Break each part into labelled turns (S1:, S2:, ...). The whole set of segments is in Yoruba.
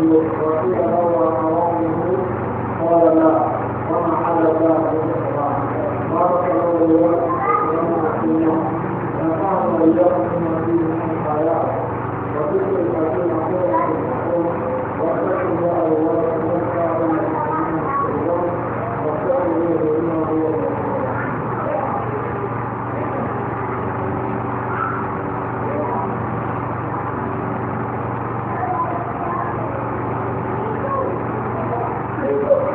S1: الله Thank you.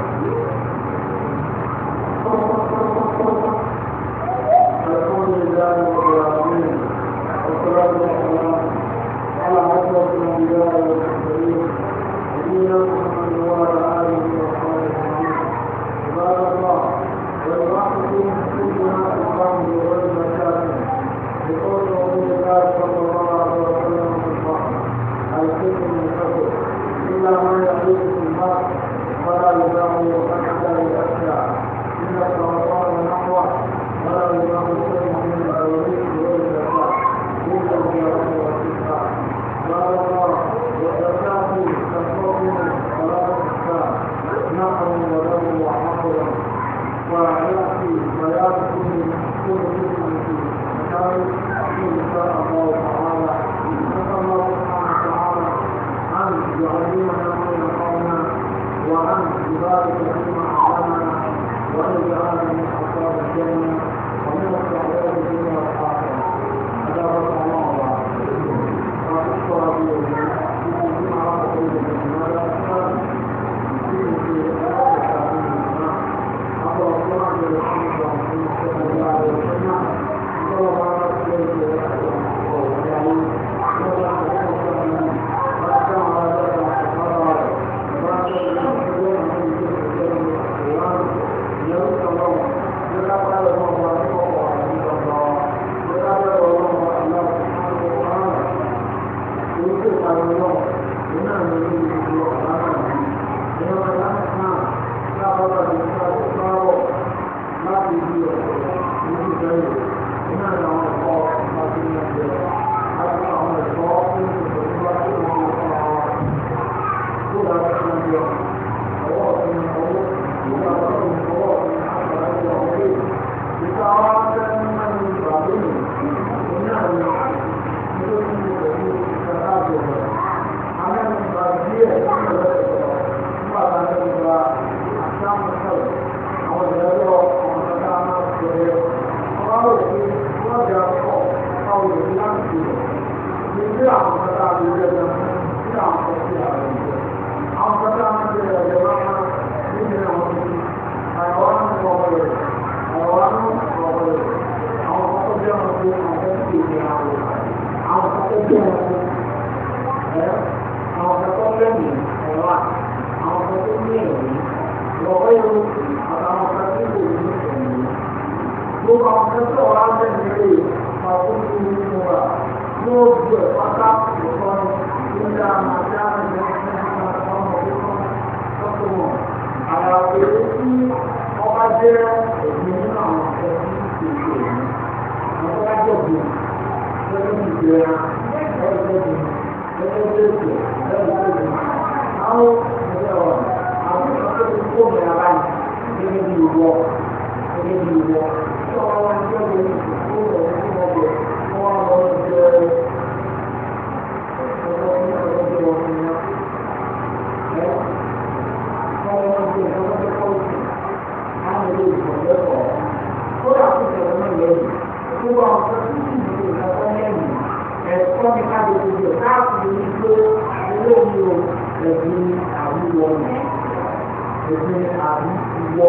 S1: wọ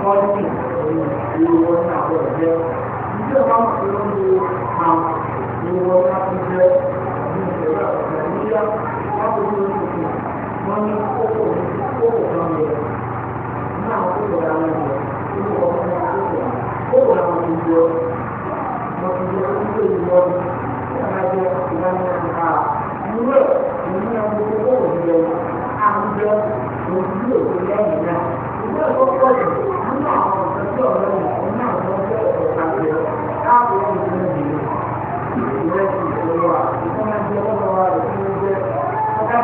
S1: tọ́jú ìlú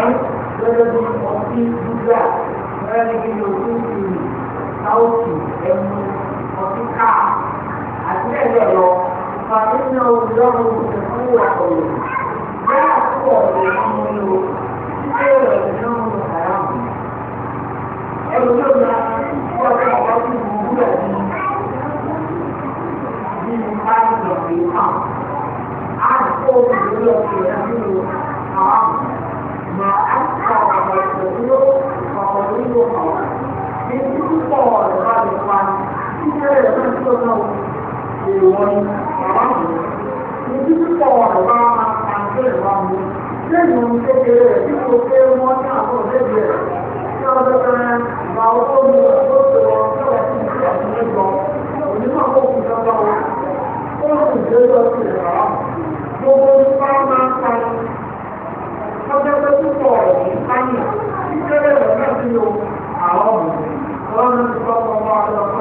S1: àrùn ọtí gbígbà lẹ́yìn kí ni òkú ìlú sáwùtì ọtí ká àti bẹ́ẹ̀ lọ pàdé náà olùdókòwò ìṣẹ̀fún wà bẹ́ẹ̀ àtúwọ̀ ọ̀rọ̀ ọmọ ní o títí ọ̀rọ̀ ìṣẹ̀fún ọmọ àràmù ẹ̀rù ló ma wọ́n ti ọ̀rọ̀ sí ìwúrọ̀ yìí nínú báyìí lọ́ọ̀rì náà àdúgbò ìwúrọ̀ sí ẹ̀rọ bẹ̀rẹ̀ fún ìṣòro náà èrò wọn ni bàbá mi ní títí pọ̀ àbá àǹtẹ̀ ìwà mi lẹ́yìn ohun kékeré rẹ̀ tí mo pé wọ́n ní àbọ̀ lébi rẹ̀ tí ọjọ́ kan gba owó mi ọjọ́ tó lọ sọ̀rọ̀ sí ìṣe àtúnṣe gan onímọ̀ kó kù sọ́dọ̀ wọn ó sì dé lọ sí ìrọ̀lá gbogbo nípa máa ń pa ọjọ́ tó púpọ̀ ìpáyà ìṣẹ́lẹ̀ rẹ̀ náà sí o àwọn ọ̀rọ̀ ọ̀rọ̀ ti fọ́ ọmọ ọ̀rọ̀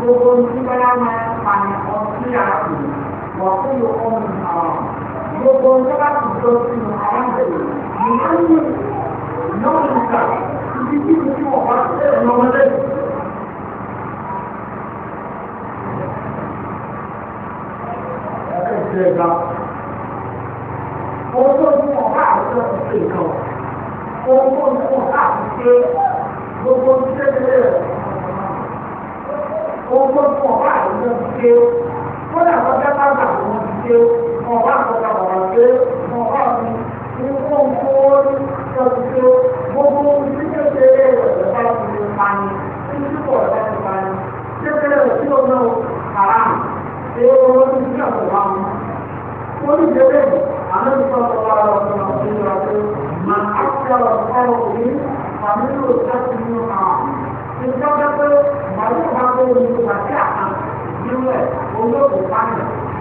S1: gbogbo tí máa pààyàn kan sí àpò wọ́n fún àwọn gbogbo tó tó sínú aláǹdẹ̀rẹ̀ ní ó ń yìn ibi tí mo fi wọ́n wá sí ẹ̀rọ ọmọdé. ẹ̀ka ohun tó ní wọ́n bá àwùjọ ti ṣe ohun tó ní wọ́n bá àti ṣe gbogbo tí ó ti ṣe kódà wọn fẹ́ bá gbà wọn ti ṣe wọn bá kọta bàbá ṣe wọn bá mi ní fún fún ṣe ti ṣe gbogbo ní kékeré rẹ̀ bá ti ṣe pani ní túbọ̀ rẹ̀ bá ti pani kékeré rẹ̀ tí o náà kàrà ṣe é wọ́n ti ṣe àtọ̀wá mu wọ́n ti ṣe bẹ́ẹ̀ àná ti sọ̀rọ̀ wà lọ́sọ̀rọ̀ ọ̀sẹ̀ ìrọ̀ àti màá àti ọ̀rọ̀ ọ̀rọ̀ òní àmì ìlú ìtàkùn ní ọ̀hún ìjọba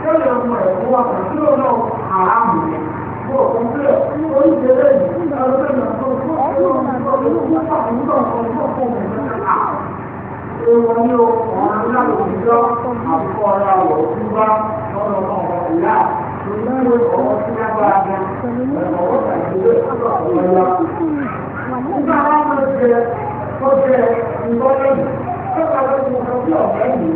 S1: lórí ọmọ rẹ̀ fún wa kò sí ọ̀nà àràmù rẹ̀. Mo ò kọ́ pé oríṣi rẹ̀ yìí ní ọdún náà tó fún ọdún náà tó fún ọdún náà tó fún ọdún náà Ewo ni o, ọ̀rọ̀ ńlá ló ti jọ́, àbúkọ ọ̀rọ̀ àwọ̀ òkú bá lọ́dọ̀ ọmọ ọ̀rọ̀ ìyá. Ìlú ọ̀rọ̀ tí wọ́n bá a gan, ẹ̀rọ ọ̀rọ̀ ìdílé ọ̀rọ̀ ọ̀rọ̀ ìyá. Nígbà wọn ló jẹ, ó jẹ ìwọ́lẹ́yìn, ó kọ́ ló ti mọ̀ sí ọ̀rẹ́ yìí,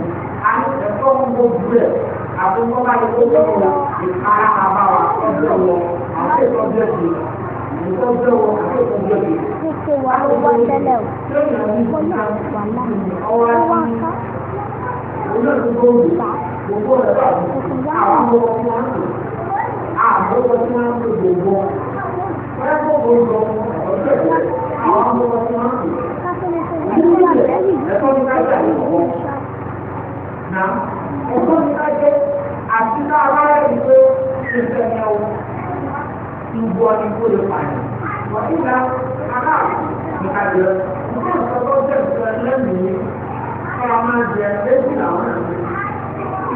S1: àti ẹ̀kọ́ ń gbó jù bẹ́ẹ̀ àkókò bá ti kó lọ́wọ́ ìpara àbáwá ọjọ́ wọ àkókò bí ẹ̀sìn ìkó bí ọwọ́ àkókò bí ẹ̀sìn. Kíkẹ́ wa ló wá tẹ́lẹ̀ o. Mo ní àgbà náà. Ọwọ́ àti olóògbé gbogbo rẹ̀ bá mi. Àwọn ọmọ tí wọ́n ń lò. Àwọn ọmọ tí wọ́n ń lò gbogbo. Wọ́n yẹ kó gbogbo àwọn ọmọ tí wọ́n ń lò. Ẹ̀fọ́ ẹ̀kọ́ mi ká jẹ́ àti tá a bá rẹ̀ pé ìfẹ́ yẹn o ìbọn ni kò lè pààyàn wọ́n ti gba aláàbò ní ká jẹ́ ìfẹ́ ìfọ́tọ́ jẹ́ ìfẹ́ lẹ́mìí ká máa jẹ méjì làwọn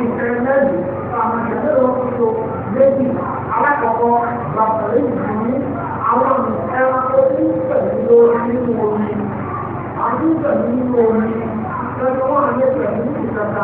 S1: ìfẹ́ lẹ́mìí ká máa jẹ lọ́wọ́ tó méjì alákọ̀ọ́kọ́ gbàgbọ́ lẹ́yìn tó ní àwọn ẹranko tí ń pẹ̀lú lórí nínú omi àti pẹ̀lú nínú omi lọ́jọ́ wọn àyè pẹ̀lú ìjọba.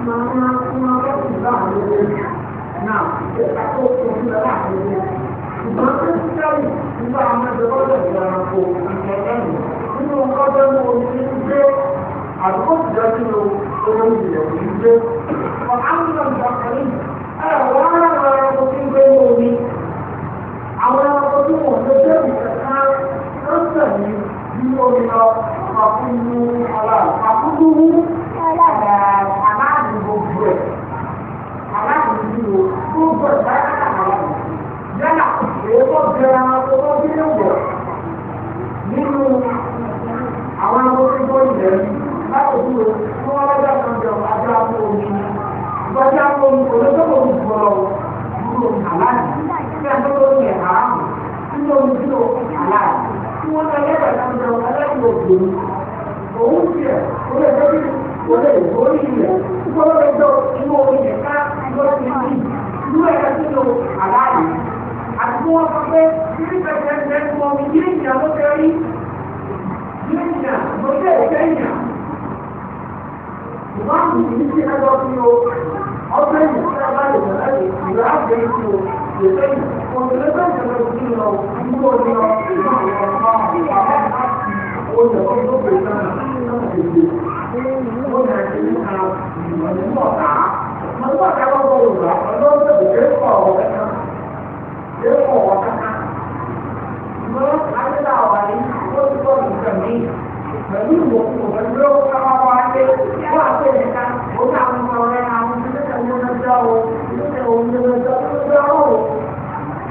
S1: àdúgbò ti dájú ló olóyè ìyẹ̀wò yìí gbé. Ọ̀hánilọ́gbà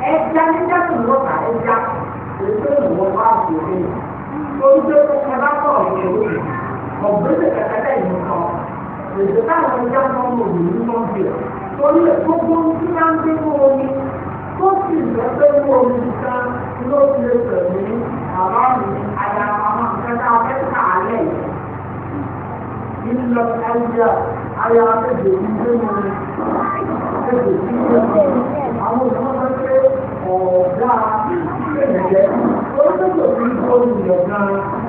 S1: ẹja nígbà 为，我不是给他带银行，只是大人家帮我银行去，所以公公经常跟我们，过去的跟我们商，都是等于啊帮你，哎呀，妈妈，看到在哪里？你老看着，哎呀，这酒精这么，这酒精这么，然后他们说，哦，那这人，我这个没说你呢。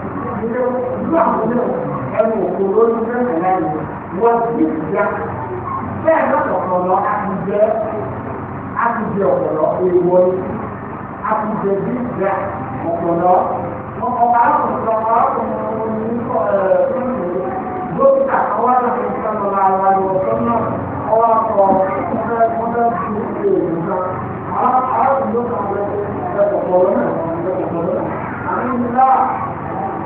S1: àtúnṣe ojú àtúnṣe ẹnu òkú lórí mẹ́rin lẹ́nu wọ́n ti jẹ́ bẹ́ẹ̀ lọ́dọ̀ ọ̀pọ̀lọ́ àtijẹ́ àtijẹ́ ọ̀pọ̀lọ́ èèwọ̀ àtijẹ́ bí jẹ́ ọ̀pọ̀lọ́ ọ̀pọ̀lọ́ àtúnṣe ọ̀pọ̀lọ́ ní dókítà ọwọ́ àti ìṣàkóso àwọn àlùfáà náà ọwọ́ àpọ̀ ọ̀fẹ́ ọ̀fẹ́ ti ṣe èyí náà àwọn àlùfáà náà ọ̀pọ̀lọ́ náà ọ̀pọ̀lọ́ náà àmì ńlá.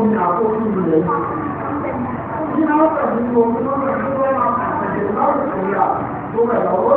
S1: omi àkókò ilẹ̀ kí náà pẹ̀lú omi lọ́wọ́ tó lọ́wọ́ àtẹ̀jẹ̀ láwùjọ yà tó rẹ̀ lọ́wọ́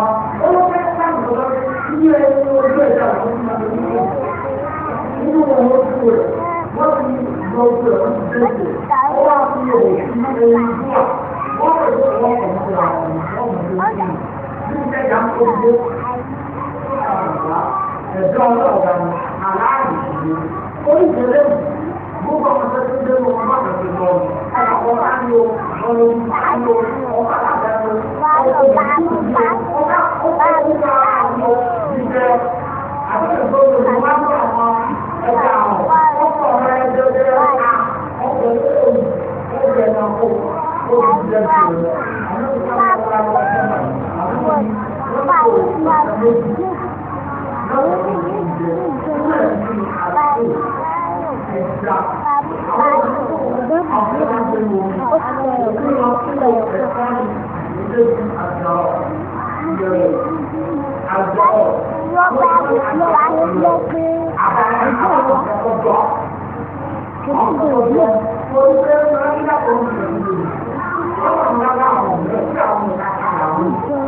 S1: wa ó fẹ́ sáàmù lọ ní ẹni ojú ẹ̀dá àwọn ọmọ mi ní ìlú nínú wọn ó ti rẹ̀ wọ́n ti lọ ojú ẹ̀ wọ́n ti dé ìlú ó wá fi òwò sí ohun ìlú wa ó lè lọ wọ́n kọ̀ mọ́ àwọn ọmọ mi ní ìlú nínú ẹ̀dá tó gbé ẹ̀dá ọlọ́ọ̀gá ni aláàrùn ìlú ó ń gbé lẹ́yìn. Thank you.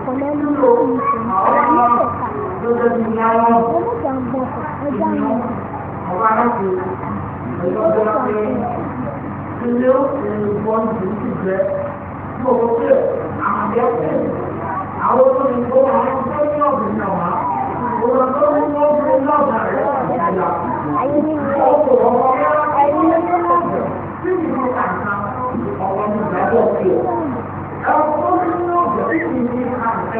S1: ọkọ̀ lẹ́nu ìlú ìṣẹ̀lẹ̀ oníṣẹ̀ka oníjàǹgbọ̀kọ̀ ẹja ìlú ilé ìwọ̀n ti ti jẹ́ gbogbo pé àmàlẹ́ pé àwọn tó ń gbọ́ àwọn tó ní ọ̀gbìn náà wá òun ló ń wọ́n fún lọ́ọ̀dà rẹ̀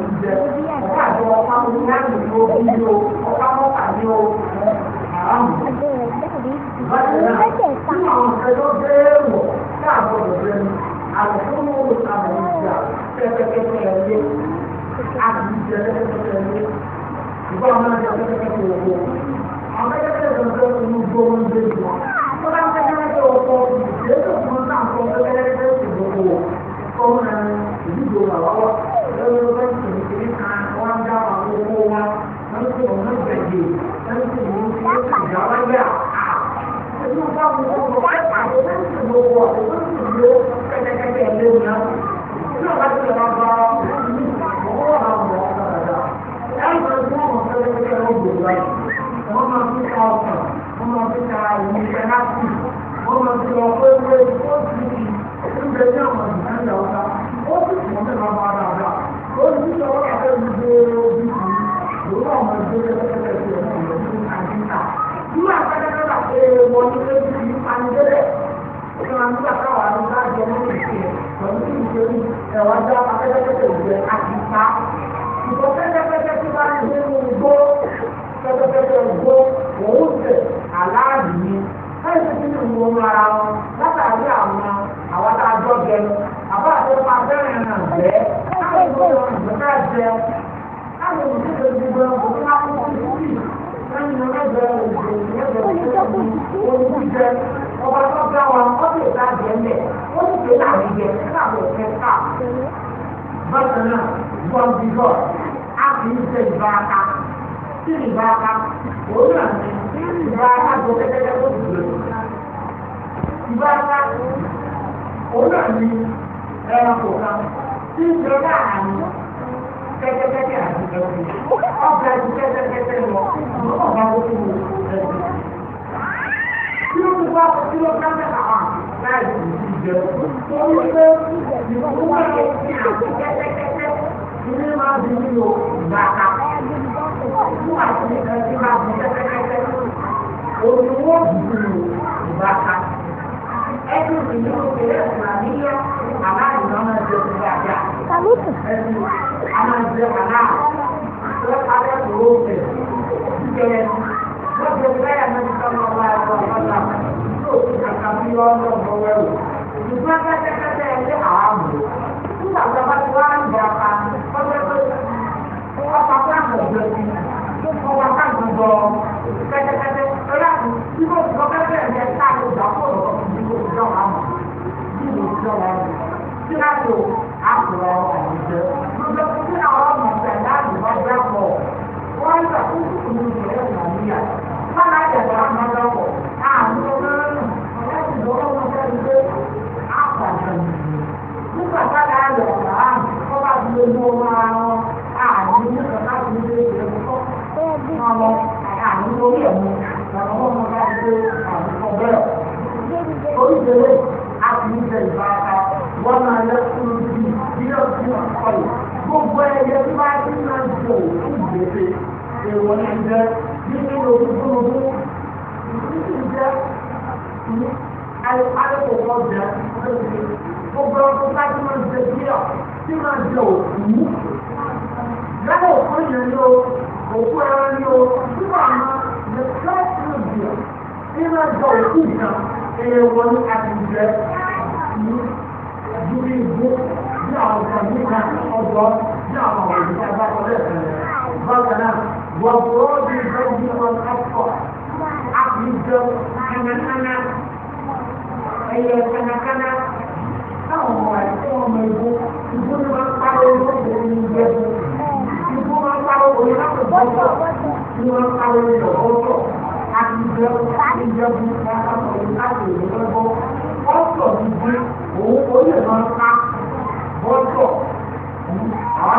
S1: ń jẹ́ kópa bẹ́ẹ̀ rìn àgbẹ̀ káwọn ìgbọ́dọ̀ ìgbọ́dọ̀ jẹ káwọn ìgbọ́dọ̀ gbogbo ẹ̀kọ́ tó bá kó kó sí lẹ́yìn mẹ́jọ òṣèlú mẹ́jọ òṣèlú olùkújẹ ọba tó bá wa ọdún ìta jẹ mẹ ó sì pé láàrin jẹ káwọn òfin ká bákan náà gbọ́n bí bọ́ a kì í ṣe ìbáraká sí ìbáraká òun náà ní ìbáraká tó kẹ́kẹ́ tó dùn ìbáraká òun náà ní ẹranko kan aláàrùn náà máa jẹ oṣù dáadáa. Kàlùkù. Ẹni a máa jẹ aláàrùn. Ó alẹ́ kúrò òkè. Ìjẹ́ wọ́n ti ọ̀gá yà máa ti sọ ọmọ ọba ọba ọba ọba. Yóò fi kàkà bí ọlọ́mọ wẹ̀wò. Ìgbà kẹ́kẹ́kẹ́ ẹ̀ ní àámù. Nígbà tó lò àpòrọ̀ àwùjọ. Gbogbo tí àwọn ọmọ ìgbà láàyè wọ́n gbà pọ̀, wọ́n ń gbà fún ìpínlẹ̀ ṣe èèwọ̀ ní jẹ́ nígbà ogun tó mọ̀ fún ìdíjì jẹ́ alẹ́kọ̀ọ́kọ́ gbogbo ọkọ̀ láti máa ń jẹ bíyà tí máa jẹ òkú yálà òkú yẹn ni òkú ẹran ni o nígbà máa the first thing here tí máa jẹ òkú ìtàn èèwọ̀ ní àtijọ́ ní ìdúró ìbò ní àwọn ọ̀sán nígbà ọ̀dọ́ ní àwọn ọ̀sán nígbà ọ̀dọ́ ẹ̀sán rẹ̀. بطلا والراضي الغني والأفقر عقل الجو أنا أنا أي أنا أنا أهو أهو ميبو يقول ما قالوا يقول يجيبو يقول ما قالوا يقول يقول ما قالوا يقول àti jẹ ìjẹun ìfowópamọ́ láti ìlú lọ́gbọ́n bọ́tọ̀ ti di òun ó lè máa ká bọ́tọ̀.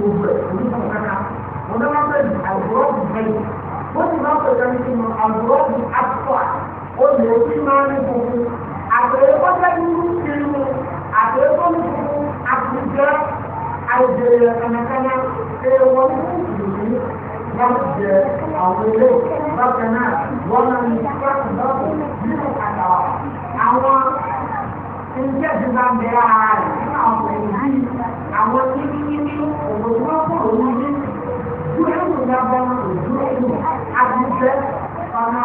S1: gbogbo ẹ̀ kò ní kàn kàkà wọn náà wọ́n pẹ̀lú àwòrán ọ̀hún bẹ́ẹ̀ wọ́n ti máa pẹ̀lú ẹni tí mo àwòrán ọ̀hún àpọ̀ olè tí máa ń gbogbo àtẹ̀yẹ́kọ́ jẹ́ nínú kiri mu àtẹ̀yẹ́kọ́ ní gbogbo àtìjẹ́ àìjẹ̀yẹ kànákànná èèwọ̀ ní ìlú wọ́n jẹ àwọn ilé bákan náà wọ́n máa ń gbàgbọ́ lọ́wọ́ nínú àtàwà àwọn ìjẹ́jú bá bẹ̀rẹ̀ ara rẹ̀ nínú àwọn èyí àwọn tí jẹ́ ọ̀nà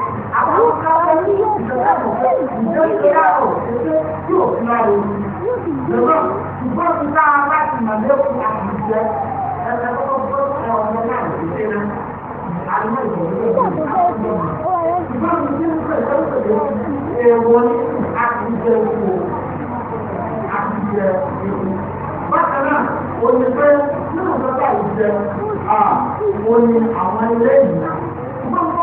S1: àwọn ọ̀kadà ní yóò jọ̀dá òfin ìjọba ìjọba òfin yóò fi máa wò Ìjọba ti bá a bá ti mọ̀ lẹ́kùn àtijọ́ ẹ̀rọ ọgbọ́n ọmọ náà ti dé náà. Àlọ́ ìgbòho ló ń bá a lọ. Ìjọba mi ti ń pèsè pèsè èèwọ̀ ní àtijọ́ ìwò àtijọ́ ìwò. Bákan náà, òní pé nínú ìjọba ìjẹ àwọn ilé ìgbà gbogbo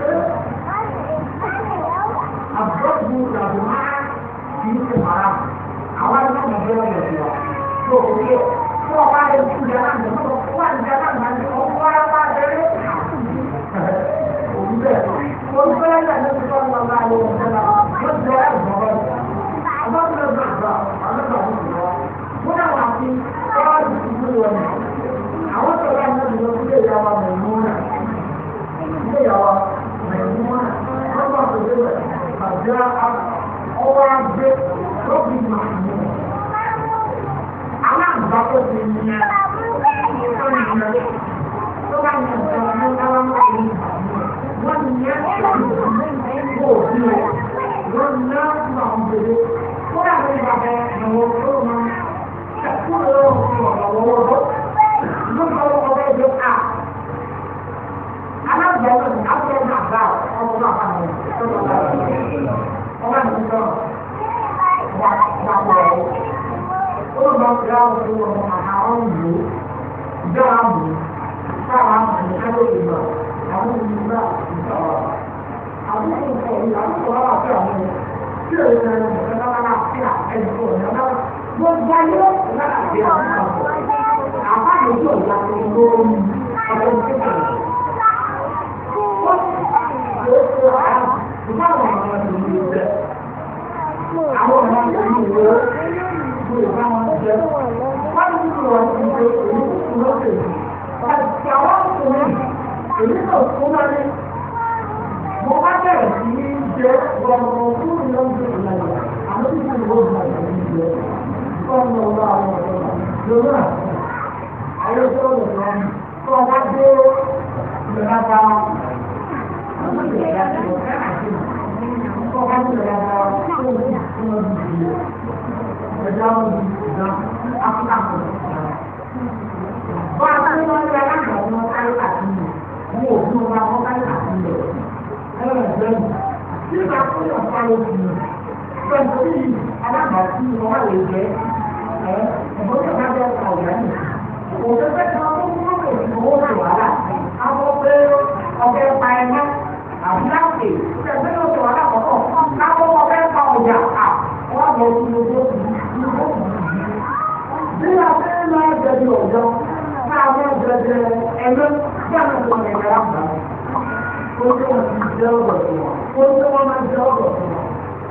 S1: Thank you ní ìgbà tó máa kì í ṣe fara àwọn ẹgbẹ́ mi bẹ́ẹ̀ lọ sí wa tó o yẹ kí wọ́n bá lè kú yẹn láti lọ kó wà ní yàrá náà ní ọkọ̀ wáyà wá bẹ́ẹ̀ òun bẹ́ẹ̀ mo ń bẹ́ẹ̀ lọ sí wọn lọ bá lọ wọn bẹ́ẹ̀ lọ wọ́n ti bẹ́ẹ̀ lọ bọ́ ọba tó lọ bá gbà ọba tó lọ bá wọn náà wà sí ọba tó ti kú wọn àwọn tó bá ní ọdún lọ sí ilé ìyàwó mẹ̀mú náà ilé ìyàwó mẹ̀mú náà wọ́n bá tó dé bẹ̀rẹ̀. There ọ̀dá ọwọ́ agbé lóbi màmú aláǹgbá talking to you. الأنبياء والرسول ينزل إلينا عملية الوزن الأنبياء صلى الله عليه وسلم جماعة عليه الصلاة والسلام صحبه لغدا بعد ما ayé tì tó ń torí alábàásí ọmọ àwẹ̀ jẹ́ ẹ ẹ̀bọ́n tó bá jẹ́ ọ̀gá ọ̀gá nì. òṣèpẹ́ tó ń mú òkè owó rẹ̀ wàhálà àwọn ọgbẹ́ ọgbẹ́ pa ẹ̀mẹ́ àbúláṣe ṣẹ̀gbẹ́ ló sọ wàhálà kọ̀kọ́ káwọn ọgbẹ́ pa ọjà àwọn àgbẹ̀ òṣèlú bí a fẹ́ máa jẹbi ọ̀dọ́ máa máa jẹjẹ ẹgbẹ́ bí a máa jẹjẹ ẹgbẹ́ àgbà ó wọn ti jẹ ọ̀dọ̀ tó wọn ó wọn máa jẹ ọ̀dọ̀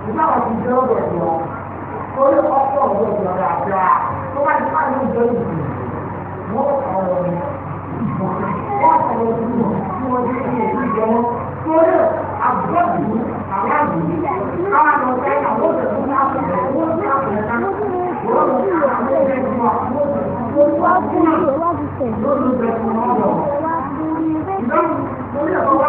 S1: ìgbà ti jẹ́ ọ̀dọ̀ ẹ̀dọ̀ torí ọ̀pọ̀ ọ̀dọ̀ ẹ̀dọ̀ dáadáa tó bá ti máa ń jẹ́ ìlú wọ́n ọ̀rọ̀ ìbọn wọ́n ọ̀rọ̀ ìbọn tí wọ́n ti ń yẹ ìjọ wọn torí àgbọ̀dù aláàbò káwọn lọ fẹ́ àwọn òṣèlú náà fẹ́ wọ́n ti àpẹẹrẹ náà wọ́n lọ sí àwọn òṣèlú náà wọ́n ti fún wọn lórí ìbẹ̀rù náà lọ. ìdáhùn torí ẹ̀kọ́ wá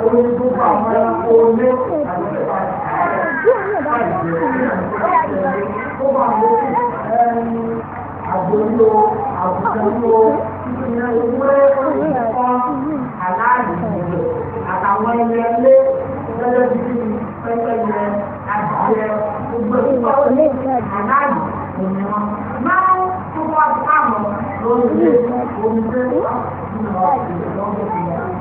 S1: Àgbòyò àbùkànlò ìwé ọ̀pọ̀ aláàbò àtàwọn ẹyẹ lé lọ́jọ́ bíbí pẹ́pẹ́yẹ àjẹ gbogbo ìpàdé aláàbò ènìyàn máa ń tó wá sáwọn lórí omi tó wà nínú ọ̀pọ̀ ìlọ́gbọ̀n.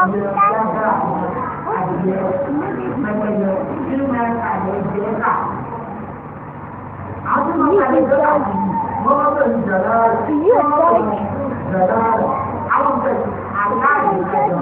S1: àjẹ́ mẹ́tẹ̀yọ nínú